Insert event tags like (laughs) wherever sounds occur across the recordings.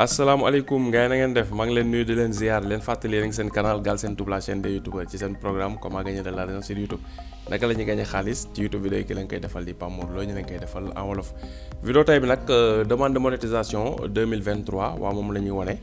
asalaamaaleykum gars yi na def maa ngi leen nuyu di leen ziar leen fàttali yéen seen canal Galsen Tube la chaîne des youtubeurs ci seen programme comment gagner de l'argent YouTube naka koy defal di Pape Mor Lo ñu leen koy defal en wolof. vidéo tey bi nag euh, demande de monétisation 2023 waaw moom la ñuy wane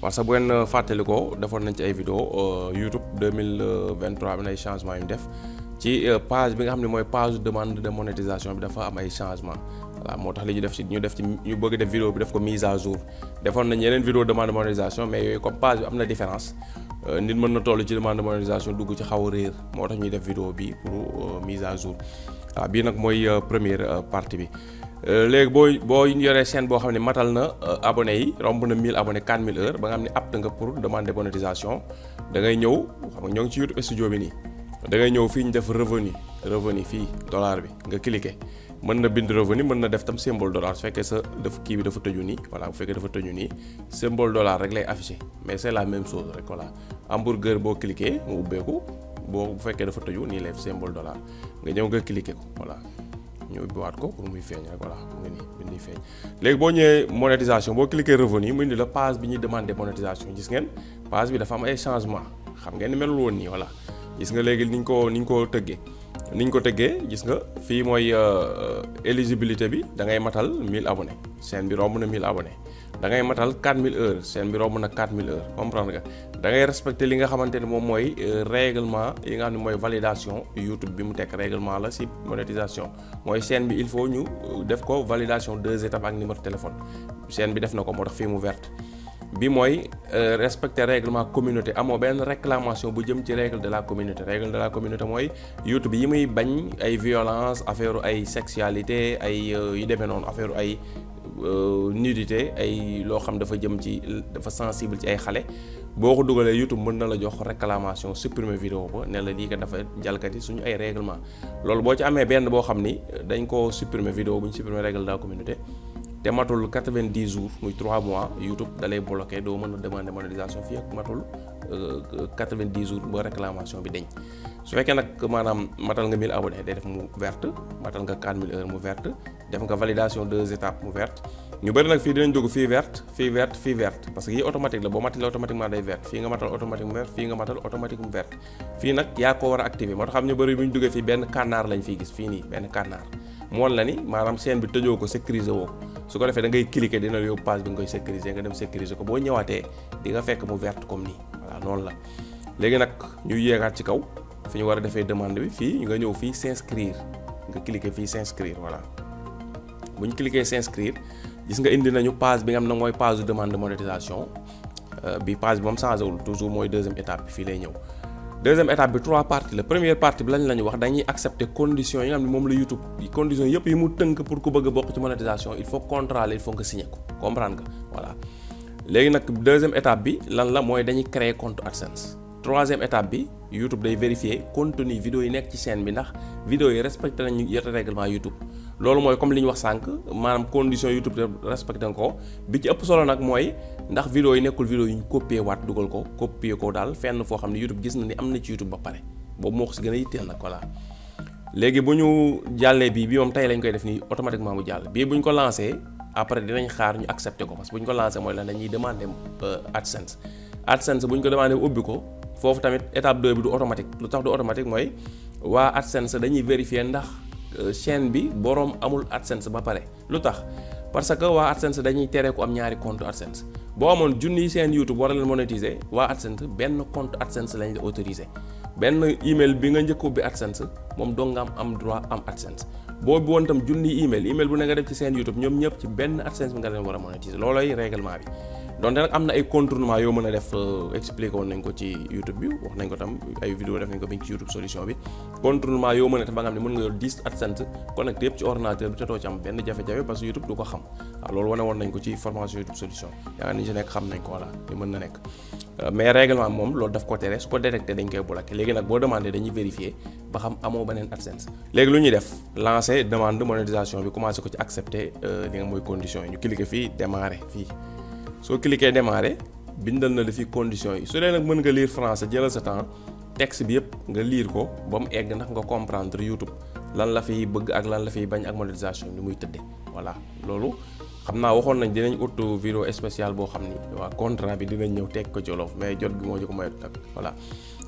parce que bu ngeen euh, fàttali ko defoon nañ ci ay vidéo euh, YouTube 2023 bi nay changement yu ñu def ci page bi nga xam ne mooy page demande de monétisation bi dafa am ay changement waaw moo tax li ñu def ci ñu def ci ñu bëgg def vidéo bi def ko mise à jour defoon nañ yeneen vidéo demande de monétisation mais yooyu comme page bi am na différence euh, nit mën na toll ci demande de monétisation dugg ci xaw a réer moo tax ñuy def vidéo bi pour euh, mise à jour waaw bii nag mooy euh, première partie bi léegi boo boo yoree chaîne boo xam ne matal na abonné yi romb na 1000 abonné 4000 heures ba nga xam ni apte nga pour demande de monétisation da ñëw xam nga ñoo ngi ci bi nii da ñëw fii ñu def revenu revenu fii dollar bi nga cliquer mën na bind revenu mën na def tam symbole dollar su fekkee sa daf kii bi dafa tëju nii voilà bu fekkee dafa tëju nii symbole dollar rek lay affiché mais c'est la même chose rek voilà hamburger boo cliqué mu ubbeeku boo bu fekkee dafa tëju nii lay symbole dollar nga ñëw nga cliqué ko voilà ñu ubbiwaat ko pour muy feeñ rek voilà mu ngi nii feeñ léegi boo ñëwee monétisation boo cliqué revenu mu indi la page bi ñu demandé monétisation gis ng page bi dafa am ay changement xam ngeen melul woon nii voilà gis nga léegi ni ñu ko ni ñu ko tëggee ni ko tëggee gis nga fii mooy euh, euh, élisibilité bi da ngay matal 1000 abonnés seen bi romb na 1000 abonnés da ngay matal 4000 heures seen bi romb na 4000 heures comprendre nga da ngay respecter li nga xamante ne moom mooy euh, réglement yi nga xam ne mooy validation YouTube bi mu tekk réglement la si monétisation mooy seen bi il faut ñu def ko validation deux étapes ak numéro téléphone seen bi def na ko moo tax fii mu verte. bi mooy euh, respecter règlement communauté amoo benn réclamation bu jëm ci règle de la communauté règle de la communauté mooy youtube yi muy bañ ay violence affaire ay sexualité ay euh, yu demee noonu affaire ay euh, nudité ay loo xam dafa jëm ci dafa sensible ci ay xale boo ko dugalee youtube mën na la jox réclamation supprimer vidéo ba ne la lii kat dafa jalkati suñu ay règlement loolu boo ci amee benn boo xam ni dañ ko supprimer vidéo bu ñu supprimer règle de la communauté te matul quatre-vingt-dix jours muy trois mois YouTube dalay bloqué doo mën a demander monétisation fii ak matul euh, quatre-vingt-dix jours ba réclamation bi deñ su fekkee nag maanaam matal nga mille abonnés day def mu verte matal nga quatre mille heures mu verte def nga validation deux étapes mu verte ñu bëri nag fii dinañ jóg fii verte fii verte fii verte parce que yii automatique la boo matalee automatiquement day verte fii fii nga matal automatique mu verte fii nag yaa a activer xam ñu bëri bu ñu jógee fii benn lañ fiy gis fii nii benn kànnaar mu la ni maanaam chaîne bi tëjoo ko sécuriser woo su ko defee da ngay cliquer dina la yóbbu page bi nga koy sécuriser nga dem sécuriser ko boo ñëwaatee di nga fekk mu vert comme nii voilà noonu la léegi nag ñuy yéegaat ci kaw fi ñu war a defee demande bi fii nga ñëw fii s'inscrire nga cliquer fii s'inscrire voilà bu ñu cliquer s'inscrire gis nga indi nañu page bi nga xam ne mooy page de demande de euh, bi page bi moom changé wul toujours mooy deuxième étape fii lay ñëw deuxième étape bi trois parties la première partie bi lañ la ñu wax dañuy accepter conditions yi nga xam ne moom la YouTube conditions yëpp yi mu tënk pour ku bëgg a bokk ci monétisation il faut contrat la il faut nga signé ko comprendre nga voilà. léegi nag deuxième étape bi lan la mooy dañuy créer compte AdSense troisième étape bi YouTube day vérifier contenu vidéo yi nekk ci chaîne bi ndax vidéo yi respecté nañu règlement YouTube. loolu mooy comme li ñu wax sànq maanaam conditions YouTube respecté ko bi ci ëpp solo nag mooy ndax vidéo yi nekkul vidéo yu ñu copier waat dugal ko copier ko daal fenn foo xam ne YouTube gis na ni am na ci YouTube ba pare boobu moo ko si gën a yitteel nag voilà. léegi bu ñu jàllee bii bi moom tey lañ koy def nii automatiquement mu jàll bii bu ñu ko lancé après dinañ xaar ñu accepté ko parce que bu ñu ko lancé mooy lan dañuy demandé euh, AdSense AdSense bu ñu ko demandé ubbi ko foofu tamit étape 2 bi du automatique lu tax du automatique mooy waa AdSense dañuy vérifier ndax. Euh, chaîne bi boroom amul AdSense ba pare lu tax parce que waa AdSense dañuy tere ku am ñaari compte AdSense boo amoon junniy seen YouTube war a leen monétiser waa AdSense benn compte AdSense lañ la autorisé benn email bi nga njëkk ubbi AdSense moom doo nga am am droit am AdSense boo bi woon tam junniy email email bu ne nga def ci seen YouTube ñoom ñëpp ci benn AdSense bi nga leen war a monétiser loolooy règlement bi donte nag am na ay contournement yoo mën a def euh, expliqué woon nañ ko ci YouTube bi wax nañ ko tam ay vidéo def nañ ko bi ci YouTube solution bi contournement yoo mën a def ba nga xam ne mën nga yor 10 AdSense connecté yëpp ci ordinateur bi te doo ci am benn jafe-jafe parce que YouTube du ko xam waaw loolu wane woon nañ ko ci formation YouTube solution yaakaar ni ci nekk xam nañ ko voilà li mën na nekk euh, mais règlement moom loolu daf ko tere su ko détecté dañ ñuy def lancer demande monétisation bi commencé ko ci accepter euh, li nga mooy condition fii démarrer fii soo cliquer démarrer bindal na la fi conditions yi su dee nag mën nga lire france jëlal sa temps texte bi yëpp nga liir ko ba mu egg ndax nga comprendre YouTube lan la fiy bëgg ak lan la fiy bañ ak monétisation ni muy tëddee voilà loolu xam naa waxoon nañ dinañ ut vidéo spéciale boo xam ni waa contrat bi dinañ ñëw teg ko ci wolof mais jot gi moo ñu ko mayut nag voilà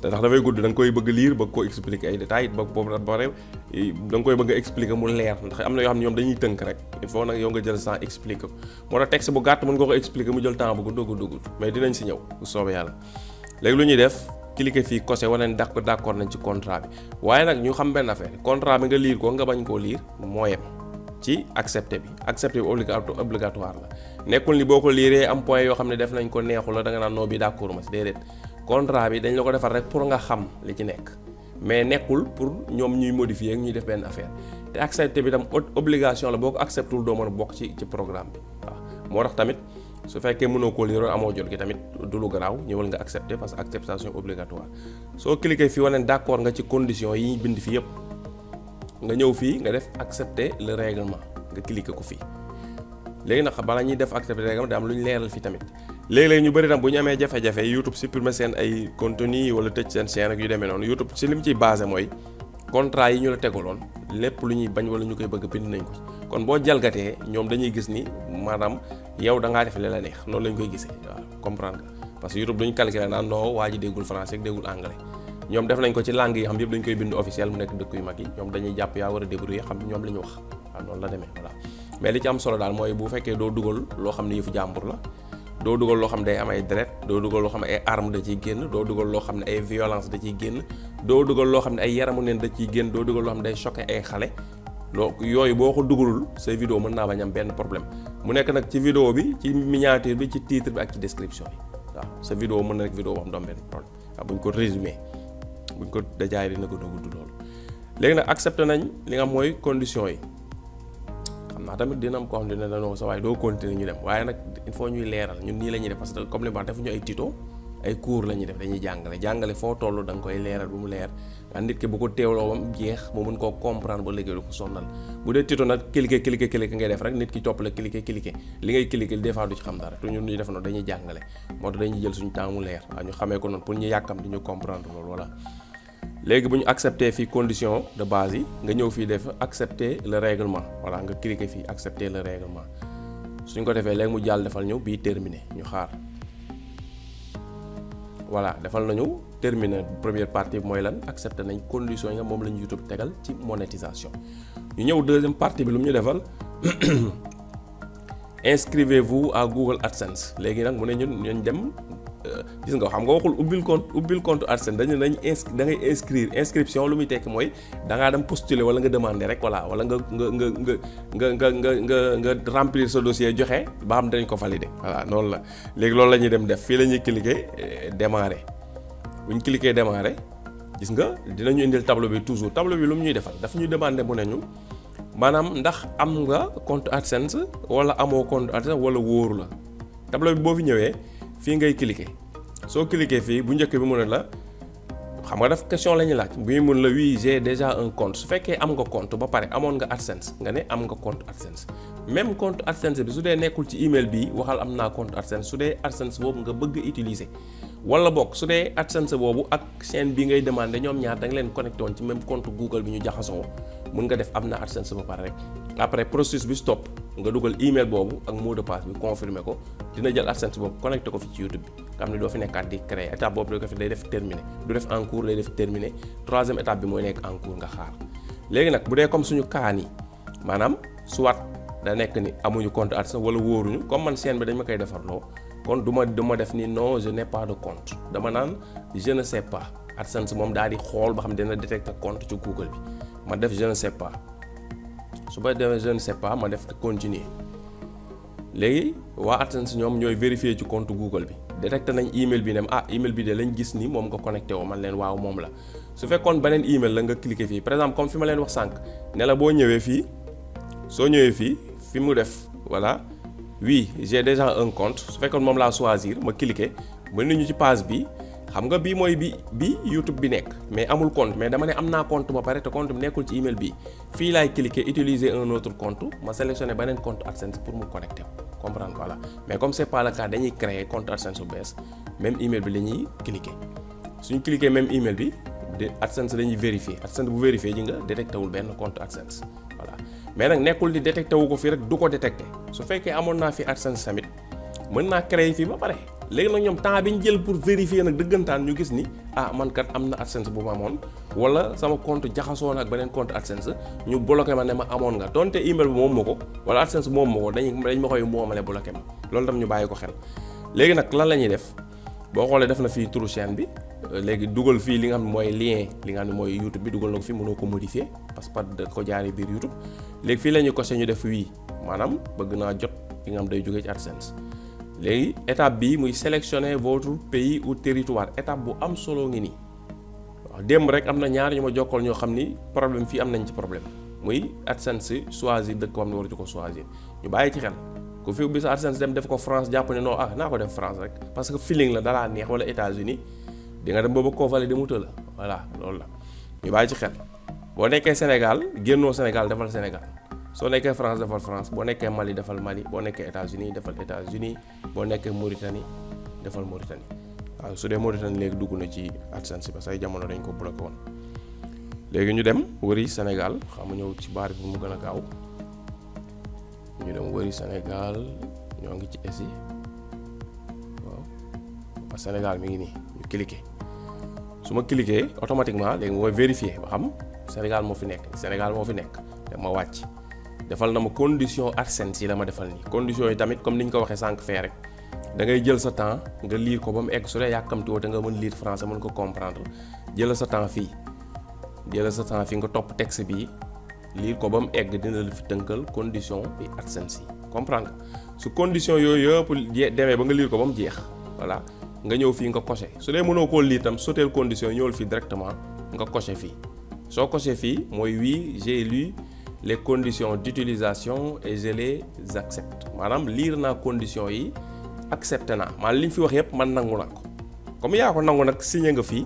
te ndax dafay gudd da koy bëgg lire bëgg koo expliquer ay détails ba boobu da pare koy bëgg a expliquer mu leer ndax am na yoo xam ne ñoom dañuy tënk rek il faut nag yow nga jël temps expliquer ko moo tax texte bu gàtt mën nga ko expliquer mu jël temps bu gudd gudd gudd mais dinañ si ñëw bu soobee yàlla léegi lu ñuy def cliquer fii cosé wane ne d'accord d'accord nañ ci contrat bi waaye nag ñu xam benn affaire contrat bi nga lire ko nga bañ koo lire moo yem ci accepté bi accepté bi obligatoire la nekkul ni boo ko liiree am yoo xam ne def nañ ko neexu la da nga naan noo bi d'accord ma si contrat bi dañ la ko defar rek pour nga xam li ci nekk mais nekkul pour ñoom ñuy modifier ak ñuy def benn affaire te accepté bi tam obligation la boo ko acceptul doo mën a bokk ci ci programme bi waaw moo tax tamit su fekkee mënoo ko lire amoo jot gi tamit du lu ñëwal nga accepté parce que acceptation obligatoire soo cliqué fii wane d'accord nga ci condition yi ñu bind fii yépp nga ñëw fii nga def accepter le règlement nga cliqué ko fii léegi nag bala ñuy def accepter règlement da am lu ñu leeral fii tamit léeg-léeg ñu bëri tam bu ñu amee jafe-jafe YouTube supprimer seen ay contenu wala tëj seen chaîne ak yu demee noonu YouTube si lim ciy basé mooy contrat yi ñu la teguloon lépp lu ñuy bañ wala ñu koy bëgg bind nañ ko kon boo jalgatee ñoom dañuy gis ni maanaam yow da ngaa def li la neex noonu lañ koy gisee waaw comprendre parce que YouTube duñu calculer naan non waa ji déggul français déggul anglais ñoom def nañ ko ci langue yi xam yëpp dañ koy bind officiel li am solo daal mooy bu fekkee doo dugal loo xam ne yëfu jàmbur la doo dugal loo xam ne day am ay deret doo dugal loo xam ne ay arme da ciy génn doo dugal loo xam ne ay violence da ciy génn doo dugal loo xam ne ay yaramu neen da ciy génn doo dugal loo xam ne day choqué ay xale loo yooyu boo ko dugalul say vidéo mën naa bañ am benn problème mu nekk nag ci vidéo bi ci miniature bi ci titre bi ak ci description yi waaw sa vidéo mën na nekk vidéo boo xam ne du am benn problème waaw bu ñu ko résumé bu ñu ko dajaay dina ko dugg loolu léegi nag accepté nañ li nga xam mooy condition yi ndax tamit dina am koo xam ne dina danoo sa waaye doo continuer ñu dem waaye nag il faut ñuy leeral ñun nii la def parce comme li ma wax defuñu ay tuto ay cours la def dañuy jàngale jàngale foo toll da nga koy leeral mu leer nga ko teewloo bam jeex mu koo comprendre ba léegi dee tuto nag cliquer cliquer cliquer ngay def nit ki topp la cliquer cliquer li ngay cliquer des fois du ci xam dara noonu dañuy jàngale moo tax dañuy jël suñu temps mu leer waaw ñu xamee ko noonu pour ñu yàkkam di ñu comprendre loolu voilà léegi bu ñu accepter fii condition de base yi nga ñëw fii def accepter le règlement voilà nga cliquer fii accepter le règlement suñ ko defee léegi mu jàll defal ñu bii terminé ñu xaar voilà defal nañu terminé première partie bi mooy lan accepté nañ condition yi nga moom lañu YouTube tegal ci monétisation ñu ñëw deuxième partie bi lu mu ñu defal (coughs) inscrivez-vous à Google AdSense léegi nag mu ne ñun ñu dem gis nga xam nga waxul ubbil compte ubbil compte dañu nañ ins da ngay inscrire lu muy tekk mooy dangaa ngaa dem postuler wala nga demande rek voilà wala nga nga nga nga nga nga nga nga remplir sa joxe ba dañ ko valider voilà la léegi loolu la ñuy dem def fii la ñuy cliquer eh, démarrer bu ñu cliquer démarrer gis nga dinañu indil tableau bi toujours tableau bi lu ñuy defal daf ñuy demander mu ne ñu maanaam ndax am nga compte AdSense wala amoo compte AdSense wala wóoru la tableau bi boo fi ñëwee. fii ngay cliquer soo cliquer fii bu njëkk bi mu ne la xam nga daf question la ñuy laaj bii mun la oui j'ai déjà un compte su fekkee am nga compte ba pare amoon nga AdSense nga ne am nga compte AdSense même compte AdSense bi su dee nekkul ci email bi waxal am naa compte AdSense su dee AdSense boobu nga bëgg utiliser wala bokk su dee AdSense boobu ak chaîne bi ngay demande ñoom ñaar da leen connecté woon ci même compte Google bi ñu jaxasoo mun nga def am na AdSense ba pare rek après processus bi stop nga dugal email boobu ak mot de passe bi confirmer ko dina jël AdSense boobu connecté ko fi ci YouTube bi nga xam ne doo fi nekkaat di créer étape boobu day def terminé du def en day def terminé troisième étape bi mooy nekk en nga xaar léegi nag bu dee comme suñu kaani maanaam soit da nekk ni amuñu compte AdSense wala wóoruñu comme man seen bi dañ ma koy defarloo kon du ma ma def ni non je n'ai dama naan je ne sais moom daal di xool ba xam dina détecté compte ci Google bi ma def je ne su ba demee jeune ne ma def continuer léegi waa si ñoom ñooy vérifier ci compte Google bi détecté nañ email bi ne ah email bi de lañ gis ni moom nga connecté woo man leen waaw moom la su fekkoon beneen email la nga cliqué fii par exemple comme fi ma leen wax sànq ne boo ñëwee fii soo ñëwee fii fi mu def walla oui j'ai déjà un compte su fekkoon moom laa choisir ma cliqué mën ñu ci page bi. xam nga bii mooy bi bi YouTube bi nekk mais amul compte mais dama ne am naa compte ba pare te compte bi nekkul ci email bi fii laay cliquer utiliser un autre compte ma sélectionné beneen compte AdSense pour mu connecté comprendre voilà mais comme c'est pas le cas dañuy créer compte AdSense bu bees même email bi la ñuy cliquer suñu cliquer même email bi de AdSense dañuy vérifier AdSense bu vérifier ji nga détecté wul benn compte AdSense voilà mais nag nekkul di détecté wu ko fii rek du ko détecté su fekkee amoon naa fi AdSense tamit mën naa créer fii ba pare. léegi nag ñoom temps bi ñu jël pour vérifier nag dëggantaan ñu gis ni ah man kat am na AdSense bu ma amoon wala sama compte jaxasoo na ak beneen compte AdSense ñu bloqué ma ne ma amoon nga donte email bi moom ma ko wala AdSense moom ma ko dañuy ma koy moomale bloqué ma loolu tam ñu bàyyi ko xel. léegi nag lan la ñuy def boo xoolee def na fii turu bi euh, léegi dugal fii li nga xam ne mooy lien li nga xam ne mooy YouTube bi dugal na ko fii mënoo ko modifier parce que da ko jaaree biir YouTube fii la ñuy coché ñu def wii maanaam bëgg naa jot li nga xam day jógee ci AdSense. léegi étape bii muy sélectionner votre pays ou territoire étape bu am solo ngi nii waaw démb rek am na ñaar ñu ma jokkool ñoo xam ni problème fii am nañ ci problème muy AdSense choisir dëkk am ne waru ci ko choisir ñu bàyyi ci xel ku fi ubbi sa AdSense dem def ko France jàpp ne non ah naa ko def France rek parce que feeling la dalaa neex wala États-Unis di nga dem booba koo fale di mu tëla voilà loolu la ñu bàyyi ci xel boo nekkee Sénégal génnoo Sénégal defal Sénégal soo nekkee France defal France boo nekkee Mali defal Mali boo nekkee États-Unis defal États-Unis boo nekkee Mauritanie defal Mauritanie waaw su dee Mauritanie léegi dugg na ci AdSense parce que jamono dañ ko bloqué woon. léegi ñu dem wëri Sénégal xam nga ñëw ci baar bi mu gën a gaaw ñu dem wëri Sénégal ñoo ngi ci esi waaw waa Sénégal mi ngi nii ñu cliqué su ma cliqué automatiquement léegi mooy vérifier ba xam Sénégal moo fi nekk Sénégal moo fi nekk te wàcc. defal na ma condition Arsène si la ma defal nii condition yi tamit comme ni ñu ko waxee sànq fee rek da ngay jël sa temps nga lire ko ba mu egg su dee yàkkamti woo te nga mën lire français mën ko comprendre jël sa temps fii jël sa temps fii nga topp texte bii lire ko ba mu egg dina la fi tënkal condition bi Arsène si comprendre su condition yooyu yëpp demee ba nga lire ko ba mu jeex voilà nga ñëw fii nga coché su dee mënoo koo lire tam soteel condition ñëwal fii directement nga coché fii les conditions d'utilisation et je les accepte maanaam liir naa conditions yi accepté naa maanaam li ñu fi wax yëpp man nangu naa ko comme yaa ko nangu nag signé nga fii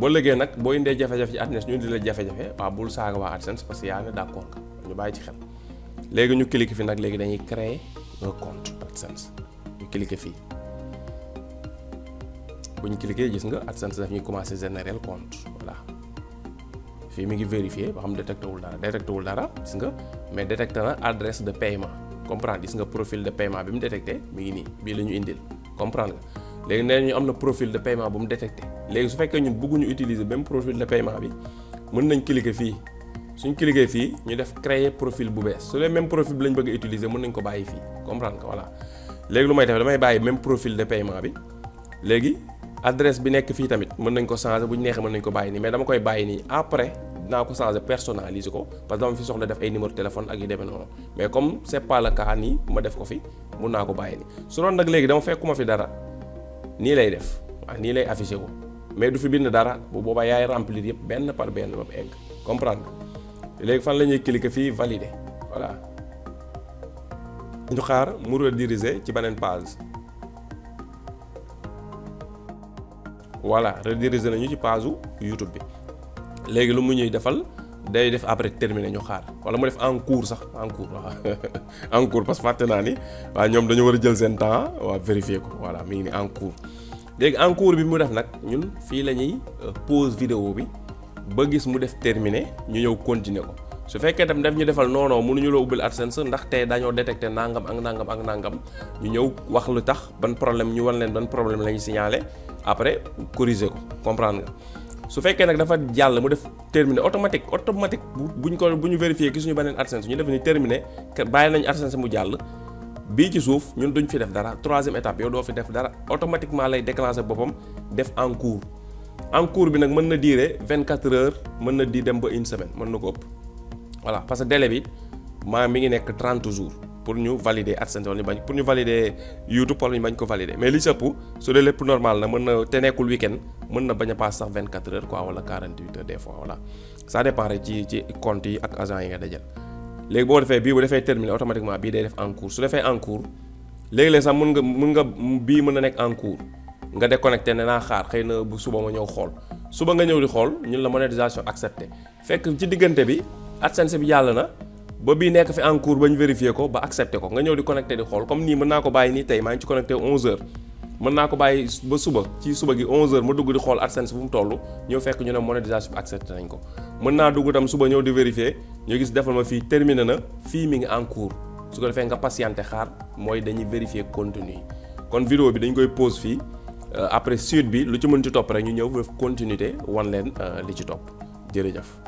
boo lëgee nag boo indee jafe-jafe ci AdSense ñu di la jafe-jafe waaw bul saaga waa AdSense parce que yaa ne d'accord nga ñu bàyyi ci xel léegi ñu cliquer fi nag léegi dañuy créer un compte AdSense ñu cliquer fii bu ñu cliquer gis nga AdSense daf ñuy commencer générer compte fii mi ngi vérifier ba xam détecté wul dara détecté wul dara gis nga mais détecté na adresse de paiement comprendre gis nga profil de paiement bi mu détecté mi ngi nii bii la ñu indil comprendre nga léegi nee ñu am na profil de paiement bu mu détecté léegi su fekkee ñun bëgguñu utiliser même profil de paiement bi mën nañ cliquer fii suñ cliquer fii ñu def créer profil bu bees su dee même profil bi lañ bëgg a utiliser nañ ko bàyyi fii comprendre nga voilà léegi lu may adresse bi nekk fii tamit mën nañ ko changer bu ñu neexee mën nañ ko bàyyi nii mais dama koy bàyyi nii après naa ko changer personnaliser ko parce que dama fi soxla def ay numéro téléphone ak yu demee noonu mais comme c'est pas le cas ma def ko fi mun naa ko bàyyi nii su doon nag léegi dama fekkuma fi dara nii lay def waaw nii lay affiché wu mais du fi bind dara bu boobaa yaay remplir yëpp benn par benn ba egg comprendre léegi fan la ñuy cliquer fii valider voilà ñu xaar mu rediriger ci beneen page. voilà rediriger nañu ci page YouTube bi léegi lu mu ñuy defal day def après terminé ñu xaar wala mu def en sax en cours waaw (laughs) en cours que fàtte naa ni waa ñoom dañu war a jël seen temps waa vérifier ko voilà mi ngi ni en léegi en bi mu def nag ñun fii la ñuy euh, pause vidéo bi ba gis mu def terminé ñu ñëw continuer ko su fekkee tam def ñu defal non non mënuñu la ubbil AdSense ndax tey dañoo détecté nangam ak nangam ak nangam ñu ñëw wax lu tax ban problème ñu wan leen ban problème la ñu signalé après corriger ko comprendre nga su fekkee nag dafa jàll mu def terminé automatique automatique bu ñu ko bu ñu ki suñu beneen AdSense ñu def ni terminé bàyyi nañu AdSense mu jàll bii ci suuf ñun duñ fi def dara troisième étape yow doo fi def dara automatiquement lay déclencher boppam def en cours en cours bi nag mën na diire vingt quatre heures mën na di dem ba une semaine mën na ko ëpp voilà parce que délai bi maa mi ngi nekk trente jours. pour ñu valider AdSense wala ñu bañ pour ñu valider YouTube wala ñu bañ ko valider mais li ci ëpp su dee lépp normal na mën na te nekkul week-end mën na bañ a paas sax 24 heures quoi wala 48 heures des fois voilà ça dépend rek ci compte yi ak agent yi nga dajal léegi boo defee bii bu defee terminé automatiquement bii day def en cours su defee en léegi-léeg sax mën nga mën nga bii mën na nekk en cours nga déconnecté ne naa xaar xëy na bu suba ma ñëw xool suba nga ñëw di xool ñun la monétisation accepté fekk ci diggante bi AdSense bi yàlla na ba bi nekk fi en cours ba ñu vérifier ko ba accepté ko nga ñëw di connecté di xool comme nii mën naa ko bàyyi nii tey maa ngi ci connecté 11h mën naa ko bàyyi ba suba ci suba gi 11h ma dugg di xool AdSense fu mu toll ñëw fekk ñu ne monétisation bi accepté ko mën naa dugg tam suba ñëw di vérifier ñu gis defal ma fii terminé na fii mi ngi en su ko defee nga patienté xaar mooy dañuy vérifier contenu yi kon vidéo bi dañ koy pose fii euh, après suite bi lu ci mën ci topp rek ñu ñëw ba continuité wan leen euh, li ci topp jërëjëf.